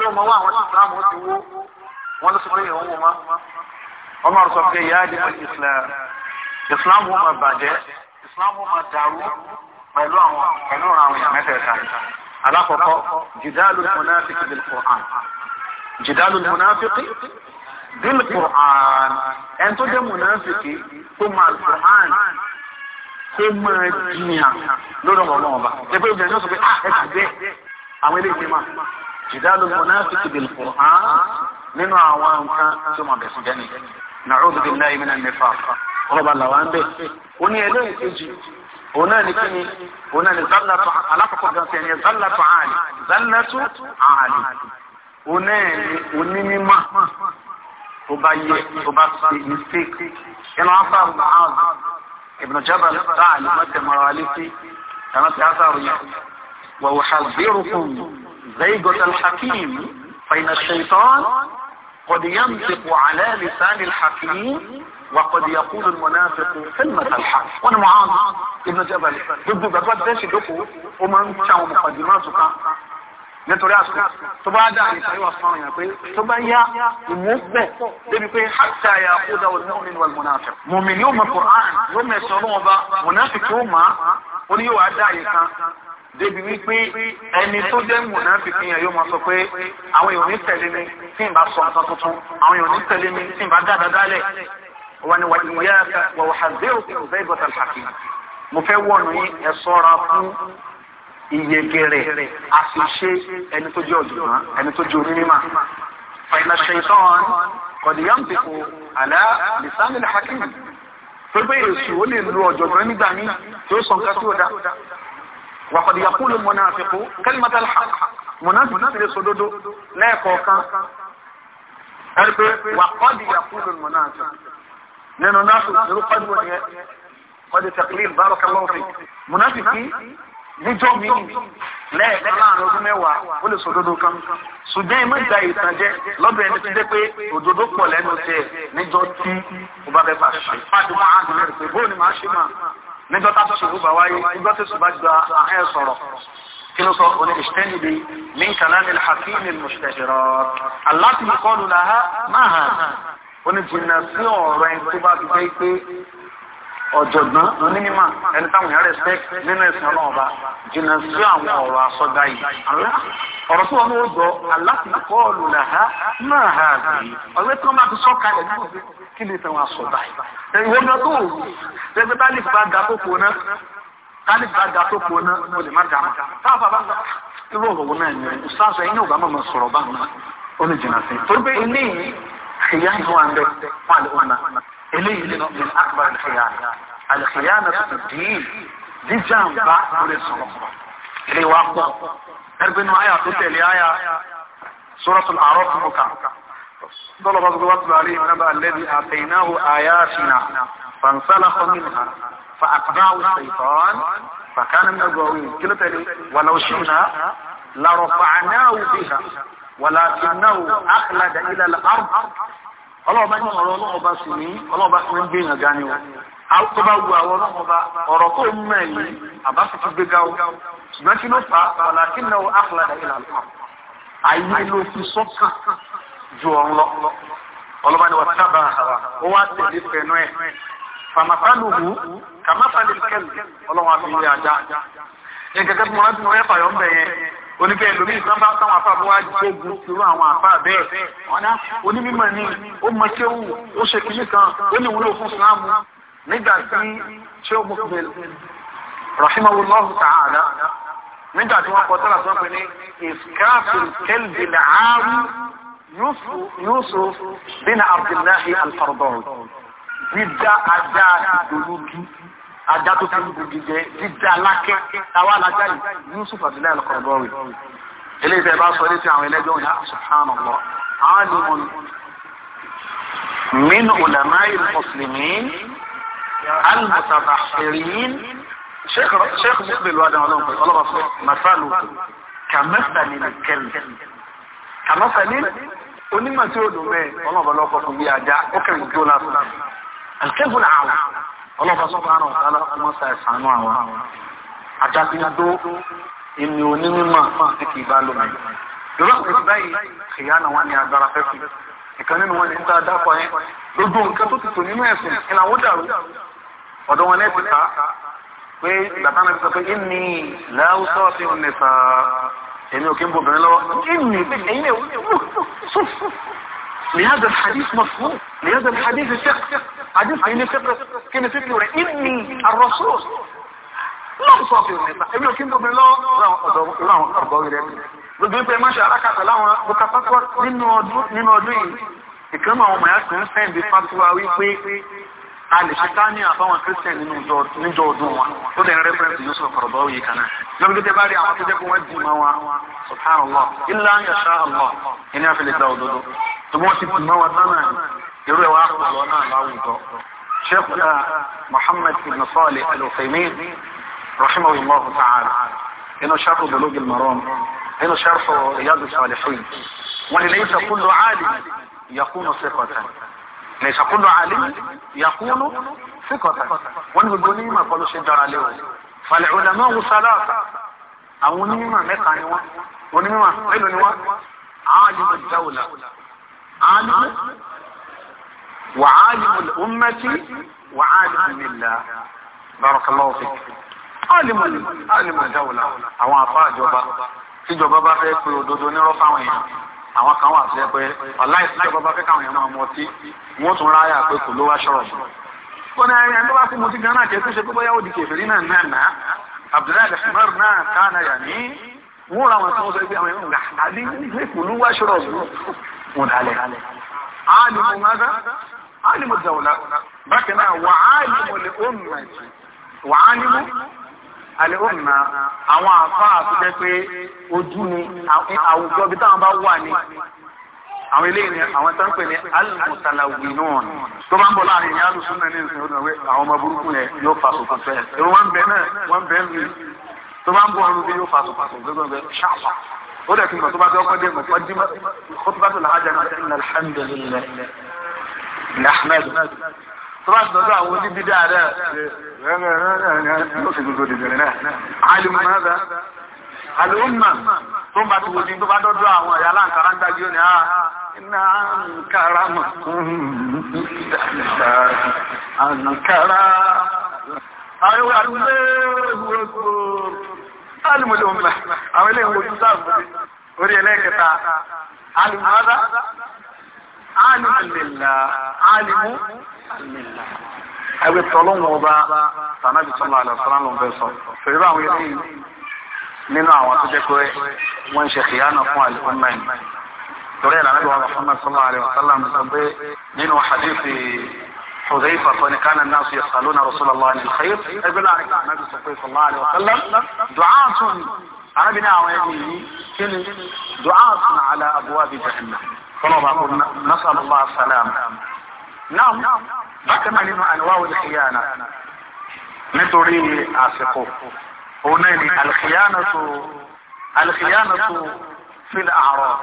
ṣé o mọ wá àwọn ìsìlámù ó ti wó wọn ló sọ pé ìhòòhò má ọmọ rẹ sọ pé ìyá àdìmọ ìsìlámù ìsìlámù ó máa bàjẹ́ ìsìlámù ó máa dàrú pẹ̀lú àwọn pẹ̀lú àwọn èèyàn mẹ́tẹ̀ẹ̀ta alákọ̀ọ́kọ́ jìdálù mùnáfíkì bíi kùrán jìdálù mùnáfíkì bíi kùrán ẹni tó jẹ́ mùnáfíkì tó máa kùrán kó máa jiyàn lórí ọmọ ọlọ́wọ́ba ẹgbẹ́ obìnrin náà sọ pé ah ẹ ti bẹ́ẹ̀ àwọn eléyìí máa. جدال المنافق بالقرآن من عوام ثم بسجنه نعوذ بالله من النفاق رب الله وانبه وني إليه تجي هنا نكني هنا نزلة على فقط جانسي يعني زلة عالي زلة عالي هنا ونيني ما وبايي وباسي مستيك إن عصا معاذ ابن جبل قال مد مواليتي كانت عصا يعني. ويحذركم زيغة الحكيم فإن الشيطان قد ينطق على لسان الحكيم وقد يقول المنافق كلمة الحق وانا معاذ ابن جبل ضد بدوات داشي دوكو ومن تشاو مقدماتك نتوراسك تبا داري سيوا صانيا تبا يا مبه دبي حتى يأخذ المؤمن والمنافق مؤمن يوم القرآن يوم يسألون منافق يوم ó ní yóò wá dá àyè kan débi wípé ẹni tó jẹ́ mùnà fi fi hàn yóò máa sọ pé àwọn èèyàn ní tẹ̀lé mi tí n bá sọ nǹkan tuntun àwọn èèyàn ní tẹ̀lé mi tí n bá dáadáa dálẹ̀ wọn ni wàá yára ká wà òkè òfé ìgbọ̀tà ṣàkì mo fẹ́ wọ̀nù yín ẹ sọ́ra fún ìyẹgẹrẹ àṣìṣe ẹni tó jẹ́ ọ̀jọ̀gbọ́n ẹni tó jẹ́ onímọ̀ fàìlà ṣèṣọ́ kọ̀díyàǹtì kò àlá lìsánìlì pépé èsù ó lè lo ọ̀jọ̀gbọ́n nígbà mí tí ó sọ nǹkan tí ó dá wàkọ̀dì yàkúlù mọ̀nàfẹ́kù kẹ́lìmọ́tàlá mọ̀nàfẹ́kù lè sọ dodo lẹ́ẹ̀kọ̀ọ̀kan ẹni pé wàkọ̀dì yàkúlù mọ̀nàfẹ́kù nínú náà irú pàdùwọ̀ ni ẹ kọ́dì tẹ̀kílì bárọ̀kẹ́lọ́fì mọ̀nàfẹ́kù níjọ́ mi lẹ́ẹ̀kan láàrin ọdún mẹ́wàá ó lè sọ òdodo kan ṣùgbọ́n ìmọ̀ ìgbà ìtànjẹ́ lọ́dọ̀ ẹni ti dé pé òdodo pọ̀ lẹ́nu tiẹ̀ níjọ́ tí ó bá fẹ́ fà ṣe. fáàdì máa ń dùn pé bóun ni màá ṣe máa níjọ́ tá a tó ṣòro bá wáyé níjọ́ tó ṣùgbọ́n gba àhẹ́ sọ̀rọ̀ kí ló sọ òní ìṣẹ́ni bi mí ń hakimi mùsùlùmí. aláàtì mi kọ́ lù láha máa hàn ó ní jìnnà sí ọ̀rọ̀ ẹni tó bá fi jẹ́ pé ọ̀jọ̀gbọ́n onímọ̀ ẹni táwọn èèyàn respect nínú ẹ̀sìn ọlọ́ọ̀ba sí àwọn ọ̀rọ̀ àsọdá yìí ọ̀rọ̀ tí wọn ó gbọ́ náà ha bìí ọ̀rẹ́ tí máa fi sọ́ kalẹ̀ kí ni ìtàn yìí tó bá lè gba gba mo lè má bàbá irú ọ̀rọ̀ náà إليه من أكبر الخيانة الخيانة في الدين دي جنبة وليسهم إليه واقع اربن معايا قلت إليه آية سورة الأعراف المكا قال رضي الله عليه ونبأ الذي آتيناه آياتنا فانسلخ منها فأقبعه الشيطان فكان من الغاوين كلمة إليه ولو شئنا لرفعناه بها ولكنه أخلد إلى الأرض ọlọ́ọ̀bá ní ọ̀rọ̀ ọlọ́ọ̀bá sì ní ọlọ́ọ̀bá tí wọ́n ń gbé ìyànga ni o tó bá wu àwọn ọlọ́ọ̀bá ọ̀rọ̀ tó ń mẹ́ yìí àbá sì ti gbéga o ṣùgbọ́n kí ló fà á wàlá kí náà àkàlàdà ìlà lọ àyè ló fi sọ́kàn ju ọ̀run lọ ọlọ́ọ̀bá ni wọ́n sábà ó wá tẹ̀lé fẹ̀nú ẹ̀ fàmàfàlùhù kàmáfàlì kẹ́lì ọlọ́wọ́n àti oníbẹ̀ lómi ìsan bá sáwọn àfà bó wá gbógun sírú àwọn àfà bẹ́ẹ̀ wọn ná onímọ̀ ni ó mọ ṣé wù ó ṣe kìíní kan ó ní wúlò fún sùnámù nígbà tí ṣé ó mọ̀kú bẹ́ẹ̀ rahimahullahu ta'ala nígbà tí wọ́n kọ tọ́lá tó ń pè ní iskafu kẹ́lìdì làárù yusuf bin abdullahi al dídá ajá ìdòlódú ajá tó fi gbòdìdẹ dídá lákẹ́ táwa alájá yìí Yusuf Abdullahi Al-Qaradawi eléyìí tẹ́ bá sọ eléyìí tí àwọn ẹlẹ́gbẹ́ wọn yà subhanallah àwọn ni wọn min ulama'i al-muslimin al-mutabahirin sheikh sheikh mukbil wa dan ọlọ́run pẹ̀lú ọlọ́run pẹ̀lú masalu kàmẹ́sàlì kẹ́lì kàmẹ́sàlì onímọ̀ tí ó dùn mẹ́ ọlọ́run pẹ̀lú ọkọ̀ fún bí ajá ó kẹ́rin jó lásán àti kẹ́fù náà ọlọ́ba sọ́ba àrùn ọ̀tá lọ́kùnmọ́ sa ìsànú àwọn àjàgbìnàdó ìmì onímọ̀ tí kì í bá lómi yorùbá kò sí báyìí kìyà náà wà ní agbára fẹ́fì ìkan nínú wọn ní ń ta dákọ̀ yẹn lójú nǹkan tó ti tò nínú ẹ̀sìn ìlànà ó dàrú ọ̀dọ̀ wọn lẹ́sìn ká pé bàbá náà ti sọ pé ìní láwùsọ fi ń nìfà èmi ò kí ń bọ̀ bẹ̀rẹ̀ lọ́wọ́ ìní ẹ̀yin ẹ̀ wúlò sọ́fù لهذا الحديث الفقه حديث عين فقه كان فقه إني الرسول لا sọ fi òní ẹbí òkè ń tóbi láwọn ọ̀dọ́ rẹ̀ gbogbo ìpè máa ṣe alákàtà láwọn bukapapa nínú ọdún yìí ìkẹ́mọ̀ àwọn ọmọ ya sì ń sẹ́ǹdì fatuwa wípé a lè ṣe ká ní àbáwọn christian níjọ ọdún wa tó dẹ̀ rẹ́fẹ́rẹ́sì yóò sọ̀rọ̀ bọ́ yìí kan náà lọ́gbẹ́ tẹ́ bá rí àwọn tó jẹ́ kó wọ́n di ma wa subhanallah illa yasha Allah ẹni àfẹ́lẹ́ta òdodo tó ti tì ma wa tán náà شيخنا محمد بن صالح الوثيمين رحمه الله تعالى هنا شرح بلوج المرام هنا شرح رياض الصالحين وليس كل عالم يكون ثقة ليس كل عالم يكون ثقة وانه الدنيا ما قالوا شدر عليه فالعلماء ثلاثة او نيما ميقا نيوا ونيما عالم الدولة عالم وعالم الأمة وعالم لله بارك الله فيك عالم عالم الدولة أو àfa جوبا في جوبا fẹ́ pé òdodo nírọ́ fáwọn èèyàn àwọn kan wà fẹ́ pé ọ̀la ìsìnjọba bá fẹ́ káwọn èèyàn máa mọ ọtí wọ́n tún ráyà pé kò ló wá ṣọ́ọ̀bù. ó ní ẹni tó bá fún mutí gan náà kì í tún ṣe pé bóyá ó di kèfèrí náà náà náà Abdullahi al náà kánà yà ní wọ́n ra wọn tí wọ́n sọ pé àwọn èèyàn ń gà àdé kò ló wá ṣọ́ọ̀bù. mo dàlẹ̀ àlùmọ̀ alimu dawla bákan náà wà alimu lè ọmọ ẹ̀jẹ̀ wà alimu alẹ́ ọmọ àwọn àfa àtúntẹ́ pé ojú ni àwùjọ bí táwọn bá wà ní àwọn eléyìí ni àwọn tó ń pè ní alimusalawinun tó máa ń bọ̀ láàrin ìyá alùsùn náà ní ìsìn òdùnà wé àwọn ọmọ burúkú yẹn yóò fa sòkò fẹ́ ẹ wọ́n bẹ náà wọ́n bẹ mi tó máa ń bọ̀ ọ̀run bí yóò fa sòkò fẹ́ ó dẹ̀ tún bọ̀ tó bá dé ọkọ̀ dé mọ̀ kọ́ dí mọ́ tó bá tó làájà náà Ahmed tọ́lá tọ́lá àwọn oníbídà rẹ̀ yóò sì gbogbo dìbẹ̀rẹ̀ náà alìmọ̀nàdà alìmọ̀ tó bá ti wòdí tó bá dọ́dọ́ àwọn ẹ̀yà láǹkàrá ń dájú ní àá iná àǹkàrá alìmìlá alìmú alìmìlá ẹgbẹ́ tọ́lọ́wọ́ ọba tànàbí sọ́lá àlọ́sọ́lá ló ń bẹ sọ pẹ̀lú àwọn eléyìí nínú àwọn tó jẹ́ pé wọ́n ń ṣe kìyànà fún àlùfáà torí ẹ̀ lànà bí wọn fún sọ́lá àlọ́sọ́lá ń sọ pé nínú hadithi حذيفة وإن كان الناس يسألون رسول الله عن الخير ابن عليك النبي صلى الله عليه وسلم دعاة أنا بناء ويقول كل دعاة على أبواب جهنم fọlọ́ba kò nasalùbá salam náà bákan náà nínú àníwáwò ìkìyànà nítorí àsìkò òun náà ni alìkìyànàtò alìkìyànàtò fílẹ̀ àárọ̀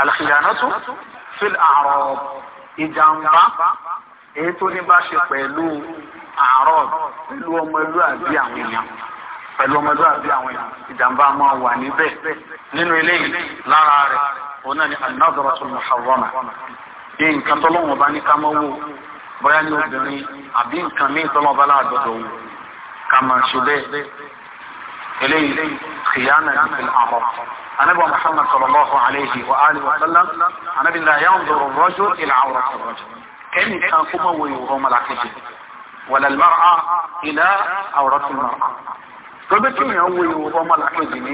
alìkìyànàtò fílẹ̀ àárọ̀ ìjàmbá èyí tó ní bá ṣe pẹ̀lú àárọ̀ pẹ̀lú ọmọlúàbí àwọn èèyàn pẹ̀lú ọmọlúàbí àwọn èèyàn ìjàmbá máa wà níbẹ̀ nínú eléyìí lára rẹ̀. òun náà ni an-nazratul muharrama bí nǹkan tọ́lọ́wọ́ bá ní ká mọ́ wò bóyá ní obìnrin àbí nǹkan míì tọ́lọ́wọ́ bá láàdọ́dọ̀ wò ká máa ṣe bẹ́ẹ̀ eléyìí khiyana fil a'rab anabi muhammad sallallahu alayhi wa alihi wa sallam anabi la yanzuru ar-rajul ila 'awrati ar-rajul kẹ́nìkan kó mọ̀ wò ìwòrán malakeji wala al-mar'a ila 'awrati al-mar'a tó bẹ́ẹ̀ kí ni àwọn ìwòrán malakeji ni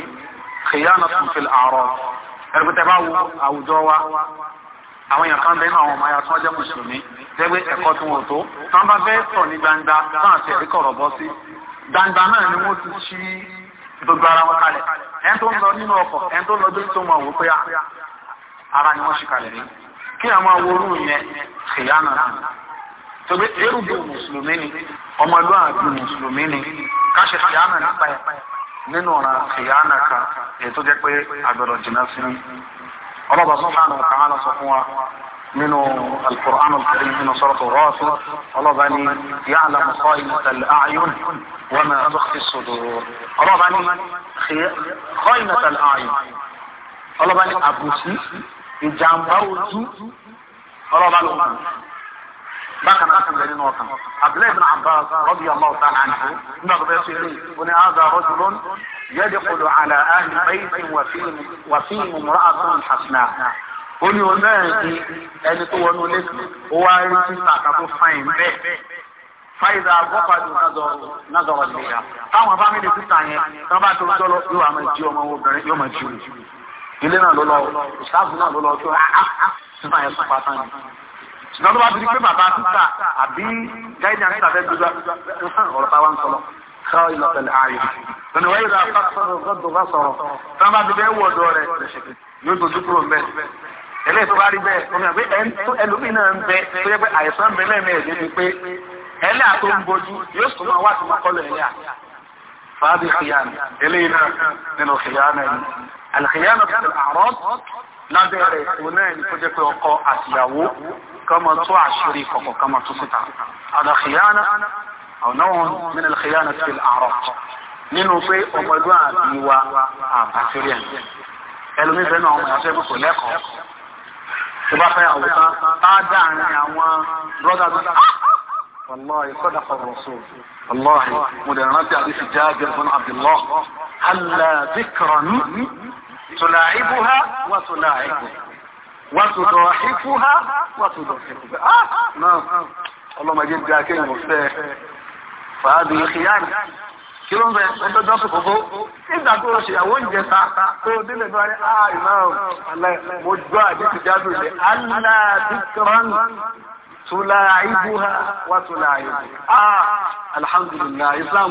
khiyana fil a'rab ẹ̀rùpẹ̀tẹ̀ bá wo àwùjọ wa àwọn èèyàn kan bẹ́ẹ̀ náà àwọn ọmọ ayá tí wọ́n jẹ́ mùsùlùmí jẹ́gbé ẹ̀kọ́ tí wọ́n tó tán bá bẹ́ẹ̀ sọ ní gbangba tán àti ẹ̀rí kọ̀rọ̀ bọ́ sí gbangba náà ni wọ́n ti ṣí gbogbo ara wọn kalẹ̀ ẹni tó ń lọ nínú ọkọ̀ ẹni tó ń lọ bí tó mọ̀ wò pé ah, ara ni wọ́n ṣì kalẹ̀ rí kí àwọn aworú yẹn ṣèyá náà tóbi erùgbò mùsùlùmí ni ọmọlúwàbí mùsùlùmí ni káṣẹ ṣèyá náà nípa ẹ̀ nínú ọ̀ràn ìyáàna kan èyí tó jẹ́ pé àgbẹ̀rọ̀ jìnnà sí ni ọlọ́ba subhanahu wa ta'ala sọ fún wa nínú al-Qur'an al-Karim nínú suratu Ghafir ọlọ́ba ni ya'lamu kha'inata al-a'yun wa ma tukhfi as-sudur ọlọ́ba ni kha'inata al-a'yun ọlọ́ba ni àbùsí ìjàmbá ojú ọlọ́ba ló ń bù bákan bákan bẹ nínú ọkàn abdullahi ibn abbas radiyallahu ta'ala anhu nígbà tó bẹ ṣe lé oní àgbà rajulun yadkhulu ala ahli baytin wa fihi imra'atun hasana ó ní òun náà di ẹni tó wọnú lẹ́sìn ó wá rí sísà kan tó fain bẹ́ẹ̀ fáìdà àgbọ́pàdé nàzọ̀rọ̀ nìyà táwọn bá mi lè sísà yẹn tó bá tó jọlọ yóò wá máa jí ọmọ obìnrin yóò máa jí òun ilé náà ló lọ ìṣáàbù náà ló lọ tó sísà yẹn tó pátá ni ṣùgbọ́n tó bá ti di pé bàbá sísà àbí gáìdì àti àfẹ́ gbogbo ọ̀rọ̀ táwa ń sọlọ káwọ́ ìlọ́tẹ̀lẹ̀ ààyè lọ́nà wáyé rà pásítọ̀ gbọ́dọ̀ bá sọ̀rọ̀ tó bá ti bẹ́ẹ̀ wọ̀ ọ̀dọ́ rẹ̀ yóò dojú kúrò ń bẹ́ ẹlẹ́yìn tó bá rí bẹ́ẹ̀ omi àgbẹ̀ ẹlòmíì náà ń bẹ tó yẹ pé àìsàn bẹ lẹ́ẹ̀mẹ́ ẹ̀dẹ́ ni pé ẹlẹ́ àtó ń bojú yóò sọ máa wá sí máa kọ́lọ̀ ẹ̀yà fàábí kìyàn eléyìí náà nínú kìyàn ẹ̀yìn àlùkìyàn náà ti àrọ́ lábẹ́ rẹ̀ òun náà ní kó jẹ́ pé ọkọ àtìyàwó كما تو عشري كوكو كما تو ستا هذا خيانة أو نوع من الخيانة في الأعراض nínú pé ọmọdún àti wa àbáṣíríà ẹlòmí fẹ́ náà ọmọ ìyàtọ̀ ìbùkún lẹ́kọ̀ọ́ tó bá fẹ́ àwòká bá dáàrin والله صدق الرسول والله مدرنات حديث جابر بن عبد الله هل ذكرا تلاعبها وتلاعبه wàtúndọ̀ ikú ha wàtúndọ̀ ikú ha náà ọlọ́mọdé gba kéèyàn fẹ́ fàádùn ìyáàrì kí ló ń bẹ ọjọ́ dọ́sù kókó nígbà tó o ṣèyàwó oúnjẹ ta tó o délé bá rí ah alẹ́ mo gbọ́ àdéhùn jáde rẹ̀ aládìkran tula ibu ha wa tula ibu ah alhamdulillah islam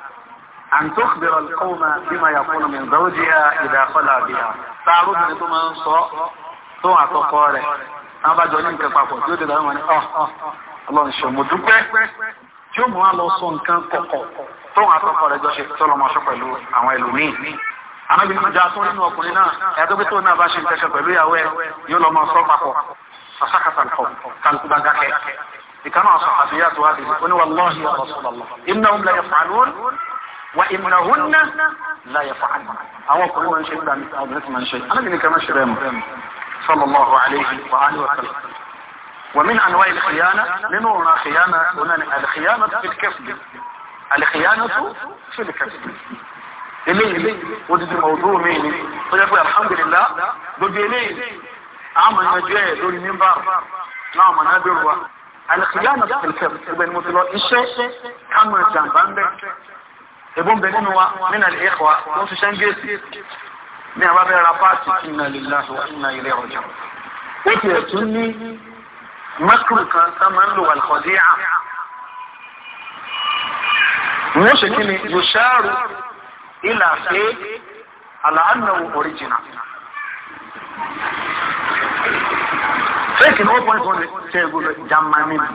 أن تخبر القوم بما يكون من زوجها إذا خلى بها تعرض لتما صاء ثم تقال أنا بعد أن أنت فاقو تقول لهم أن أه الله إن شاء الله مدوك tí ó mú wa lọ sọ nǹkan kọ̀kọ̀ tó wọn àtọkọ rẹ jọ ṣe tọlọ máa ṣe pẹ̀lú àwọn ẹlòmíín ànábi ní ìjà tó nínú ọkùnrin náà ẹ̀yàtọ̀ pé tó náà bá ṣe ń tẹ̀sẹ̀ pẹ̀lú ìyàwó ẹ̀ yóò lọ máa sọ papọ̀ sàṣàkàtà kọ̀ kálukú bá dákẹ́ ìkànnà àṣà àbíyá tó wá dìbò ó ní wàlọ́ọ̀hì ọ̀rọ̀ sọ̀rọ̀ lọ وإنهن لا يفعلن أو كل من شيء لا أو بنت من شيء أنا بني كمان شرام صلى الله عليه وآله وسلم ومن أنواع الخيانة لنورنا خيانة هنا الخيانة في الكسب الخيانة في الكسب إليه ودي موضوع مين طيب الحمد لله دول إليه عمل نجاة دول منبر نعم أنا دلوة الخيانة في الكسب بين مثلا إشي كم جنبان ebó ń bẹ nínú wa nínú àlè ẹ̀kọ́ wa wọ́n ti ṣẹ́ńgé ní àbábẹ́ ra páàtì inna lillahi wa inna ilayhi raji'un. ó ti ẹ̀tún ní mákùrù kan tá máa ń lò wà lọ́dí à. wọ́n ṣe kí ni yòṣáàrù ilà pé àlàáńdàwò ọ̀ríjìnà. fẹ́ẹ̀kì ni wọ́n pọ́n ìfọ́n tẹ́ ẹ̀gbọ́n jàmbá mímu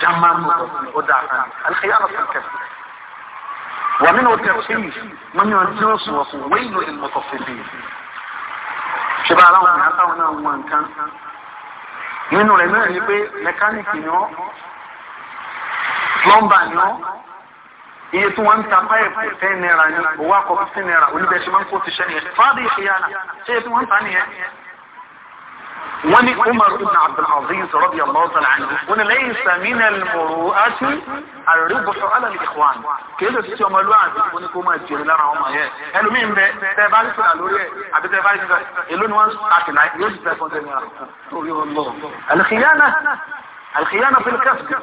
jàmbá mímu ọ̀dà àkàrà àlùkò yàrá fún kẹsì. ومن الترتيب من ينتنص وويل للمتصفين ṣùgbọ́n aláwọn ọmọ àtàwọn náà wọn nǹkan nínú rẹ̀ náà ni pé mẹkáníìkì ni ọ́ plọ́mbà ni ọ́ iye tí wọ́n ń ta páìpù ten naira ni owó àkọ́kọ́ fifteen naira oníbẹ̀ṣẹ̀ máa ń kó ti ṣẹ́yìn fáàbì ìfìyànà ṣé iye tí wọ́n ń ta nìyẹn ولي عمر بن عبد العزيز رضي الله تعالى عنه قلنا ليس من المروءة الربح على الإخوان كده في يوم الوعد يكون كما يجري لنا هم يا قالوا مين بقى تبالي في الألوري عبد تبالي في الألوري وانس قاتل يجب تكون دنيا الله الخيانة الخيانة في الكسب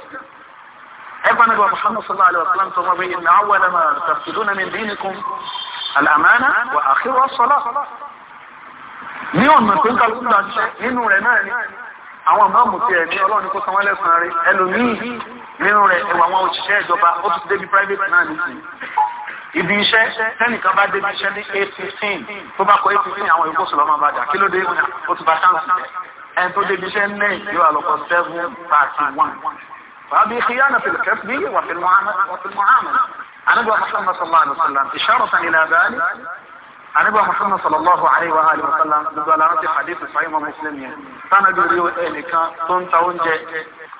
ايبا نبي محمد صلى الله عليه وسلم تقول إن أول ما تفقدون من دينكم الأمانة وآخرها الصلاة ní ọ̀nà tó ń kálukú dá ṣe nínú rẹ̀ náà ni àwọn àmọ́mù ti ẹ̀mí ọlọ́run kó sanwó lẹ́sàn rẹ̀ ẹlòmíì nínú rẹ̀ ẹ̀wà àwọn òṣìṣẹ́ ìjọba ó ti débi private náà nìyí ibi iṣẹ́ tẹ́nìkan bá débi iṣẹ́ ní eight fifteen tó bá kọ eight fifteen àwọn èkó sọ̀rọ̀ máa bá dà kí ló dé ìwọ̀n ó ti bá chance ẹni tó débi iṣẹ́ ní yóò àlọ́kọ seven thirty one wàbí kíyànà fìlẹ̀ kẹ́sì wà fìlẹ̀ mọ́ àmọ́ ànágbà anabi muhammad sallallahu alayhi wa alihi wa sallam gbogbo ala rántí hadith sahih ma muslim yẹn sanni bí orí ẹnìkan tó ń ta oúnjẹ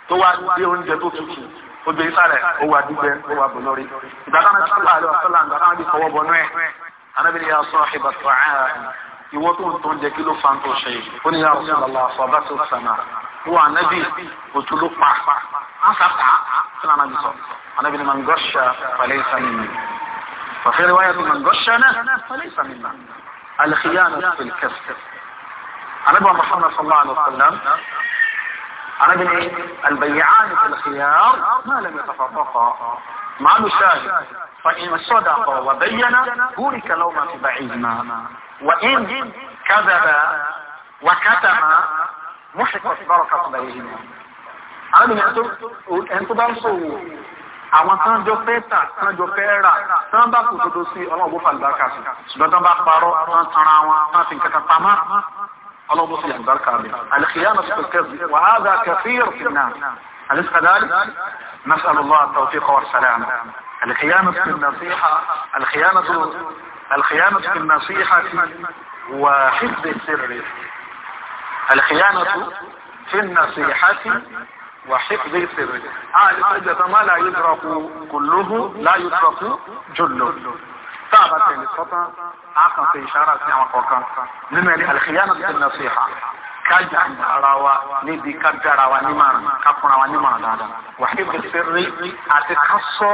tó wá gbé oúnjẹ tó tutù ó gbé ó wà dúgbẹ́ ó wà bọ̀ lórí ìgbà táwọn ti sọ̀rọ̀ àlọ́ sọ́là ìgbà táwọn ti fọwọ́ bọ̀ náà anabi ni yà sọ ìbà tó àyà ìwọ tó ń tó oúnjẹ kí ló fa tó ṣe yìí ó ní yà Rasulullah sọ bá tó sàmà wọ anabi òtú ló pa á sàtà sínú anabi sọ anabi ni mà ń gọ́ṣà mi. ففي رواية من غشنا فليس منا الخيانة في الكسب عن ابو محمد صلى الله عليه وسلم عن ابن البيعان في الخيار ما لم يتفرقا مع مشاهد فإن صدق وبين بورك لوما في بعيدنا وإن كذب وكتم محقت بركة بينهما أنا من أنتم أنتم àwọn tán jọ fẹ́ tà tán jọ fẹ́ rà tán bá kù tó tó sí ọlọ́run bó fàlùbá kà sí ṣùgbọ́n tán bá parọ́ tán tanra wọn tán fi nǹkan kan pamọ́ ọlọ́run bó sì yàgbá kà mí. àlìkìyàmọ̀ tó kẹ́sì wà á dà kẹfìr fìnnà أليس كذلك؟ نسأل الله التوفيق والسلامة الخيانة في النصيحة الخيانة الخيانة في النصيحة وحفظ السر الخيانة في النصيحة وحفظ السر عالم حجة لا يدرك كله لا يدرك جله صعبة للسطة عقل في إشارة نعمة وكان لما الخيانة بالنصيحة kájà ara wa níbi ká dára wa nímọ̀ràn ká fúnra wa nímọ̀ràn dáadáa wà níbi sẹ́rí àti ká sọ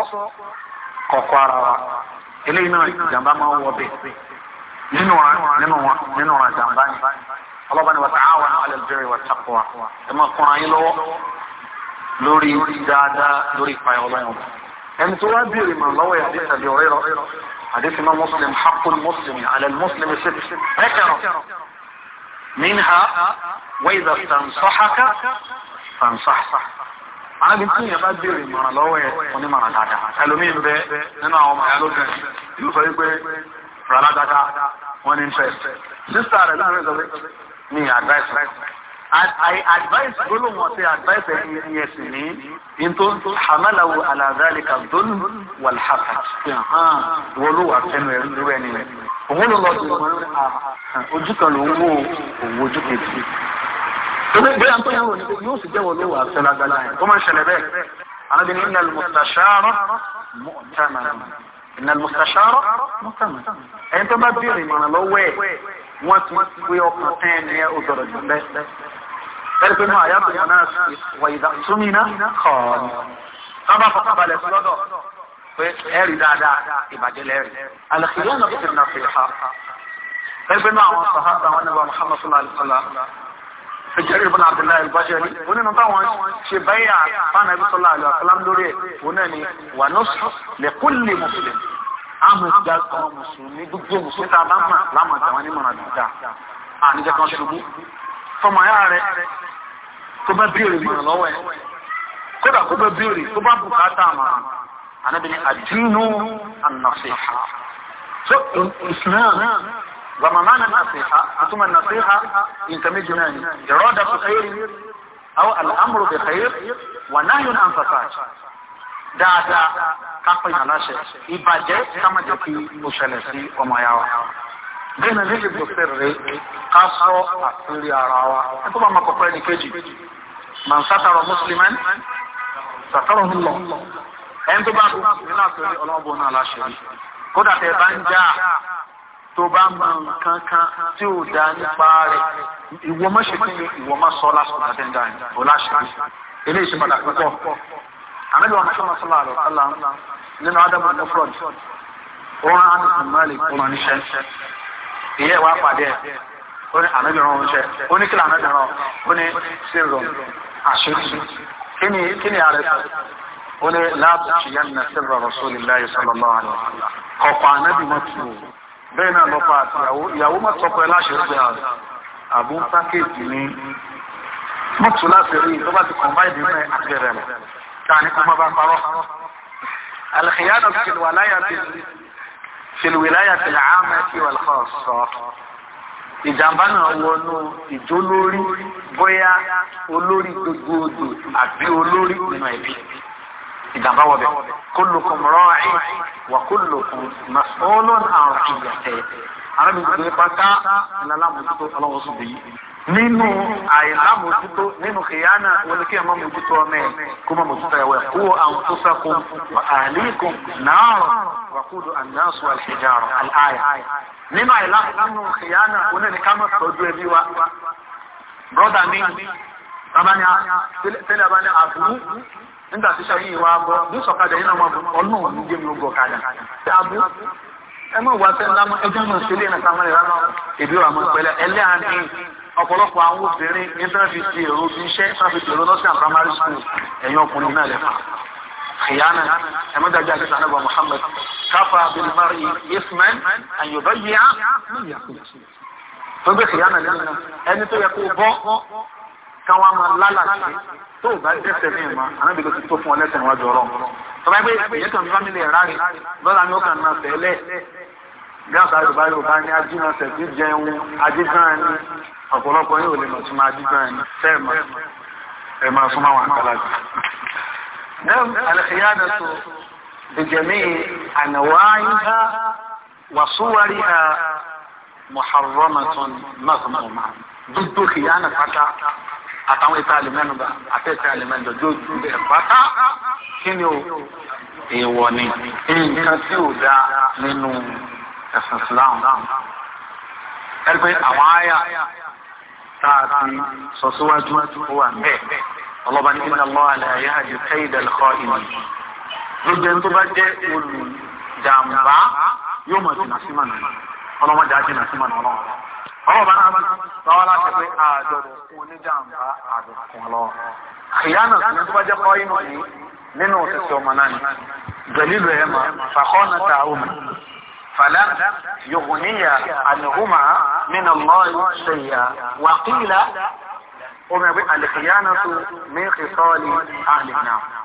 kọ̀kọ́ ara wa eléyìí náà ìjàmbá máa ń wọ bẹ́ẹ̀ nínú wa nínú wa nínú wa ni ọlọ́ba ni wà tá àwọn lọ́wọ́ lórí dáadáa lórí ìfàyọ̀lọ́yàn ẹni tó wá bèèrè mọ̀ lọ́wọ́ àdéṣà bí ọ̀rẹ́ rọ àdéṣà máa muslim hakul muslim alẹ́ muslim ṣe ẹ̀kẹ̀rọ minha wẹ́ẹ̀dà sàǹsọ́háká sàǹsọ́hásá alábi tí yẹn bá bèèrè mọ̀ lọ́wọ́ ẹ̀ onímọ̀ràn dáadáa ẹlòmíín bẹ nínú àwọn ọmọ ẹlòmíín yóò sọ wípé rárá dáadáa wọn ní fẹ́ sísá rẹ̀ láàrin ìjọba ní àgbà ìfẹ́ I advise gbólóhùn ọ̀sẹ̀ advise ẹni ẹni ẹ̀sìn ní nítorí hamalahu alazalika dolu walhaka wọlé wà fẹnu ẹrú irú ẹni rẹ òun ló lọ sí ah, ojú kan ló ń wo òwò ojú kejì tóbi bóyá tó yẹn wò ni yóò sì jẹ́ wọlé wà fẹ́ lágbára yẹn ó máa ń ṣẹlẹ̀ bẹ́ẹ̀ alábi ní iná mùsàṣáró mùtàmàlà iná mùsàṣáró mùtàmàlà ẹni tó bá bí ìrìnnà lọ́wọ́ ẹ̀ wọ́n ti pé ọkàn tẹ́ ẹ̀ ní ọ̀dọ̀rọ̀ jù bẹ́ẹ̀ بل في المعيات المناسب وإذا اقتمنا خان فما فقبل سلطة فهاري دا دا إباجي لاري الخيانة في النصيحة بل في المعوى الصحابة ونبا محمد صلى الله عليه وسلم في جرير بن عبد الله البجري ونن نطوان شي بيع فانا بي صلى الله عليه وسلم دوري ونني ونصح لكل مسلم عمل جاكم مسلمي بجو مسلم تابعنا لما جواني من عبد الله أنا جاكم شبو ọmọ ayá rẹ tó bá bíòrè mọ̀ lọ́wọ́ ẹ̀ kódà kó bá bíòrè tó bá bùkátà mọ̀ anábìrin àdínú ànàṣìhà so islam gbàmàmá na nàṣìhà àtúmọ̀ nàṣìhà nǹkan méjì náà ni ìrọ́dà kò xeyìrì àwọn al'amuru bẹ̀ xeyìrì wà náà yóò náà fàfà dáadáa kápẹ́ ìhàláṣẹ ìbàjẹ́ kámájẹ́ kí ó ṣẹlẹ̀ sí ọmọ ayá bẹ́ẹ̀ náà níbi ìgbòfẹ́ rẹ̀ ká sọ àtúndì ara wa ẹ tó bá máa kọ̀kọ́ ẹni kejì màá sátàrọ̀ mùsùlùmí sátàrọ̀ ńlọ ẹni tó bá dùn ní láti rí ọlọ́bùn náà láṣẹ kódà tẹ bá ń já tó bá mọ nǹkan kan tí ò dá nípa rẹ̀ ìwọ má ṣe kíni ìwọ má sọ lásìkò tàbí ẹ̀dá yìí pàtàkì púpọ̀ àmẹ́lẹ́ wọn ṣọ́nà sọ́lá nínú ádámù ọ̀dọ́ fúlọ̀dì ó rán ánìkùn níṣẹ́ ìyá ìwà pàdé ẹ̀ ó ní ànábì rán oúnjẹ ó ní kílà ànábì rán ó ní sírò àṣírí kí ni ààrẹ sọ ó ní láàbù kìyà nà sírò rasulillahi sallallahu alaihi wasallam ọ̀pọ̀ ànábì mọ́ tù bẹ́ẹ̀ náà lọ́pọ̀ àti ìyàwó mọ́ tọpọ ẹ láṣẹ̀rí bẹ́ẹ̀ àbú pákéjì ní mọ́tò láti rí fìlìwìláyà tẹ̀lé àmẹ́tì wà lọ́kọ̀ sọ. ìjàmbá náà wọnú ìjó lórí bóyá olórí gbogbogbò àbí olórí nínú ẹbí ìjàmbá wọbẹ̀ kullukum ra'i wà kullukum mas'ulun àrùn ìyàtẹ̀ arábìnrin pátá ìlànà àmójútó ọlọ́wọ́sùn bèyí nínú àìlámòjútó nínú kìyànà olùkí ẹ̀mọ́ mójútó ọmọ ẹ̀ kó mọ́ mójútó ẹ̀wẹ̀ kó anfusakum wa ahlikum nara wa qudu an-nas wal hijara al-aya. nínú àìlámòjútó kìyànà oníníkà mọ́ tọ́jú ẹbí wa brọ́dà mi abáni tẹ́lẹ̀ abáni àbúrú nígbà tí sọ yìí wá bọ́ bí sọ̀kadà yìí náà wọ́n bọ́ ọ̀nà òní jẹ́ mi ó gbọ́ kadà ẹ mọ̀ wá sẹ́ ńlá mọ́ ẹjọ́ mọ̀ sílé nìkan mọ́ ìrànlọ́ ìbí wa mọ́ pẹ́lẹ́ ẹlẹ́ àná ọ̀pọ̀lọpọ̀ àwọn obìnrin ní tán fi ti èrò fi iṣẹ́ tán fi tèrò lọ́sàn primary school ẹ̀yìn ọkùnrin náà lẹ́fà ìyáná ẹ̀mọ́dájú àti sànàbà Muhammad káfà abdulmari ismail ayọ̀bá yíyá tó gbé ìyáná lẹ́nu ẹni tó yẹ kó bọ́ káwọn máa lálàsì tó bá dẹ́sẹ̀ ní ìmọ̀ anábìlẹ̀ ti tó fún ọ lẹ́sẹ̀ níwájú ọlọ́run tọ́lá bí àbáyọ̀bá yorùbá ní ajínáṣẹ̀ tí jẹun ajígán ni ọ̀pọ̀lọpọ̀ yóò lè mọ̀tún máa ajígán ni tẹ́ẹ̀mọ̀ ẹ̀ máa súnmọ́ àwọn àgbàlagbà. نعم القيادة بجميع أنواعها وصورها محرمة مذمومة ضد خيانة فتاة àtàwọn ìta àlùmẹ́nu bá àtẹ̀tẹ̀ àlùmẹ́nu lójú ẹ̀ pátá kí ni o èèwọ̀ ni nǹkan tí ò dáa nínú ẹ̀sìn Islam ẹ̀rí pé àwọn àyà tá a ti sọ síwájú ó wà bẹ́ẹ̀ ọlọ́ba ní inna Allaha la yahdi kayda al-kha'inin gbogbo ẹni tó bá jẹ́ olùjàmbá yóò mọ̀ sí nàṣímà nà ọlọ́mọdé ajé nàṣímà nà ọlọ́wọ́ ọlọ́ba náà báwa láti pé àjọ̀dọ̀ oníjàmbá àjọ̀dọ̀ fún ọlọ́wọ́ àyànà sí ẹni tó bá jẹ́ kọ́ inú yìí nínú òṣìṣẹ́ ọmọ náà ni dalilu ẹ̀ فلن يغني عنهما من الله شيئا وقيل الخيانة من خصال أهل النار